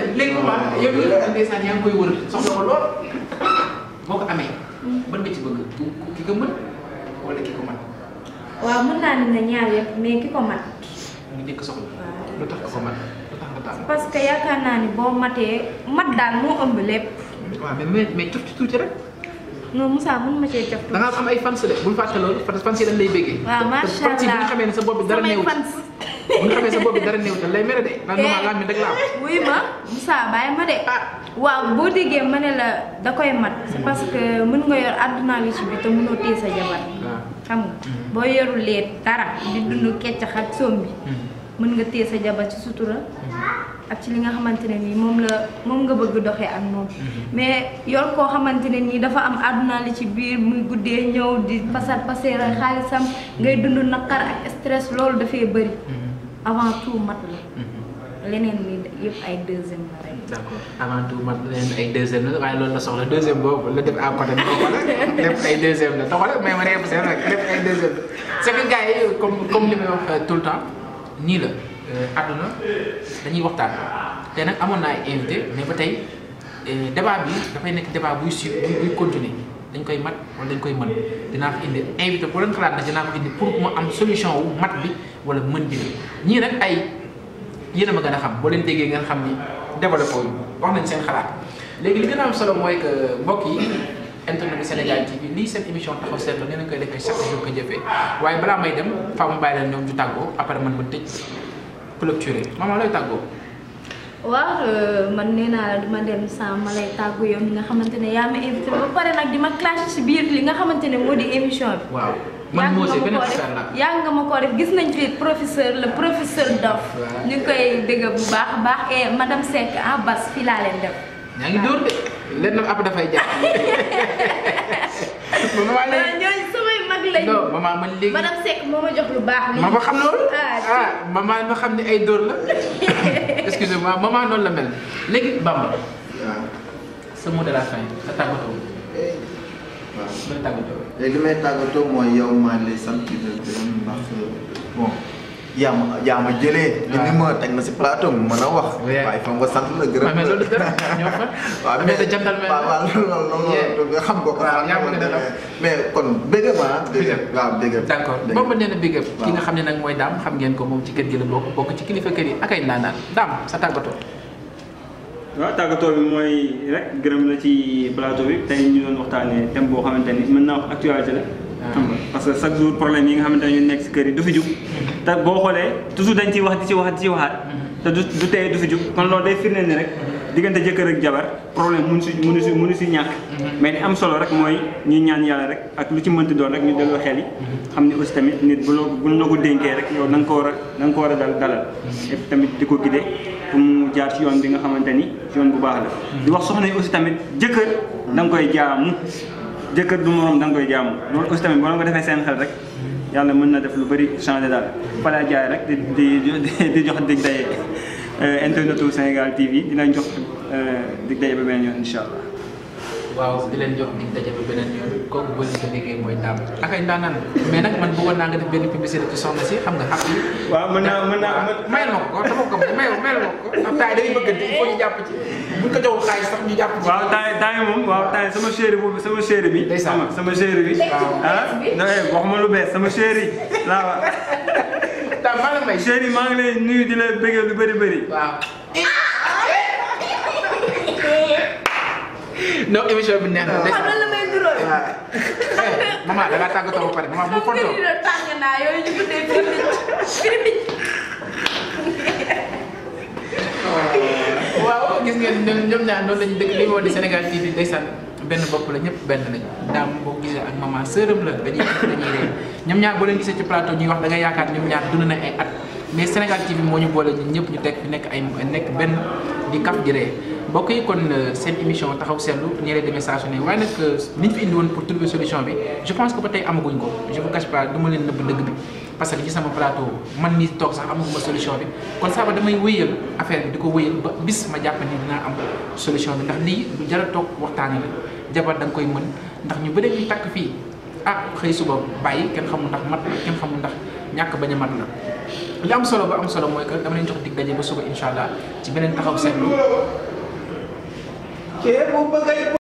lañ léegi comment ah, yow ñu la ndeysaan yaa ngi koy wër soxla ko lool boo ko amee mën nga ci bëgg ki ko mën wala ki ko man waaw naa ne ñaar yëpp mais ki ko man ñu njëkk soxla lu tax ko man lu tax nga tàmm parce que yaakaar naa ni boo matee mat daan moo ëmb lépp waaw mais mais cof ci tuuti rek non Moussa mën ma cee cof tuuti fans de bul fàtte loolu parce que bu ñu xamee Mun sa boobu dara néew te lay mere de ndax normal laa min rek laa wuy ma Moussa game ma de waaw boo déggee ma ne la da koy mat c'est parce que mën nga yor àdduna wi ci bi te sa jabar xam nga yorul dara di dulu keccax zombie, soom hmm. bi mën nga téye sa jabar ci sutura hmm. ak ci li nga xamantene ni mom la mom nga bëgg doxé ya, ak mom mais hmm. yor ko xamantene ni dafa am aduna li ci biir muy guddé ñëw di passat passer xaalisam ngay dund nakar ak stress loolu dafay ya, bari avant tout mat la. Mhm. leneen li yëpp ay deuxième la rek. d'accord avant tout mat leneen ay deuxième la waaye loolu la soxla deuxième boobu la def à côté bi ko la lépp mais ma réew seen rek lépp ay deuxième la c'est yi comme comme li may wax euh, tout le nii la euh, àdduna dañuy waxtaan te nag amoon naa ay invité mais ba tey euh, débat bi dafay nekk débat buy suivre buy continuer. dañ koy mat wala dañ koy mën dinaa fi indi invité bu leen xalaat nag dinaa ko indi pour mu am solution wu mat bi wala mën bi la ñii nag ay yéen a ma gën a xam boo leen déggee ngeen xam ni développé yu wax nañ seen xalaat léegi li gën a am solo mooy que mbokk yi internet bi Sénégal TV lii seen émission taxaw seetlu nee nañ koy defee chaque jour ko jëfee waaye balaa may dem faaw mu bàyyi leen ñoom ñu tàggoo après man ma tëj clôturer maman looy tàggoo waaw euh, man nee naa la duma dem sans ma lay tàggu yow mi nga xamante ne yaa ma invité ba pare nag di ma clash si biir li nga xamante ne moo di émission bi. waaw man moo see beneen yaa nga ma ko def gis nañ fi professeur la professeur Dof. waaw ñu koy dégg bu baax a baax ma madame Seck ah Bas fii laa leen def. ñaa ngi dóor de lenn ab dafay jàpp. lay. non man léegi madame Seck moo ma jox lu baax. xam ah, ah, ma xam ne ay dóor la. excusez-moi maman la mel léegi Bamba. waaw ah. sa mot de la fin sa tàggatoo. waaw sa tàggatoo. léegi li may tàggatoo mooy yow maa yang ma yaa ma jëlee. waaw ni ma teg na si plateau mu mën a wax. waaye fa nga sant la gërëm la mais loolu dara ñoo fa. waaw mais te jantal mais waaw loolu nga xam ko. waaw yaa ma dara mais kon bégg ma ah. bégg waaw bégg d' accord yang nee na bégg yang nga xam ne nag mooy daam xam ngeen ko moom ci kër gi la bokk yang ci kilifa kër yi ak ay ndaanaan daam sa tàggatoo. waaw tàggatoo rek gërëm la ci plateau bi tey ñu doon waxtaanee thème boo xamante ni mën actualité la. xam nga parce que chaque jour problème yi nga xamante ne ñu nekk si kër yi du fi jug te boo xoolee toujours dañ ciy wax di ci wax di ci waxaat te du du teye du fi jug kon loolu day ni jëkkër ak jabar problème mënu si mënu si mënu mais am solo rek mooy ñuy ñaan yàlla rek ak lu ci mënti doon rek ñu delloo xel yi xam ne aussi tamit nit bu loo bu la ko dénkee rek yow na nga ko war a na nga ko war a dal dalal et tamit di ko gide pour mu jaar ci yoon bi nga xamante ni yoon bu baax la di wax soxna yi aussi tamit jëkkër da nga koy jaamu jëkkër du morom da nga koy jaamu loolu aussi tamit boo nga defee seen xel rek yàlla mën na def lu bëri change daal balaa jaay rek di di di jox dig daye euh, internetu Sénégal TV dinañ jox euh, dig daye ba beneen yoon incha allah waaw di leen jox di daje ba beneen yoon kooku bëri ko liggéey mooy taam ak ay ndaanaan mais nag man bëggoon naa nga def benn publicité ci soxna si xam nga xam yi. waaw mën naa mën naa mayal ma ko dama ko mayal mayal ma ko ndax taay day bëgg di foo Wow, jàpp ci buñ ko joxul xaalis sax ñu jàpp ci. waaw taay taay moom waaw taay sama chéri boobu sama chéri bi. ndeysaan sama chéri bi. waaw ah waxuma lu bees sama chéri laa waaw. taam maa la may. chéri maa ngi lay nuyu di la bëggee lu bëri bëri. waaw. no émission bi neex na. waaw xam la may dural. waaw foto. kër yi tàng naa yooyu ñu gis li di Sénégal fii di benn bopp la ñëpp benn lañu daam boo gisee ak maman sërëm la dañuy dañuy ree ñaar boo leen ci plateau ñuy wax da nga yaakaar ñaar na ay at mais Sénégal bi moo ñu boole ñun ñëpp ñu teg fi nekk ay nekk benn di kaf di ree mbokk yi kon euh, seen émission taxaw seetlu ñu leen di message ne waaye nag li euh, ñu fi indi woon pour trouver solution bi je pense que ba tey amaguñ ko je vous cache pas du ma leen nëbb dëgg bi parce que ci sama plateau man mii toog sax amaguma solution bi kon saa ba damay wéyal affaire bi di ko wéyal ba bis ma jàpp ni dinaa am solution bi ndax lii lu jar toog waxtaane la jabar da nga koy mën ndax ñu bëri ñu takk fii ah xëy suba bàyyi kenn xamul ndax mat la kenn ndax ñàkk bañ a mat la li am solo ba am solo mooy que dama leen jox dig daje ba suba incha allah ci beneen taxaw seetlu.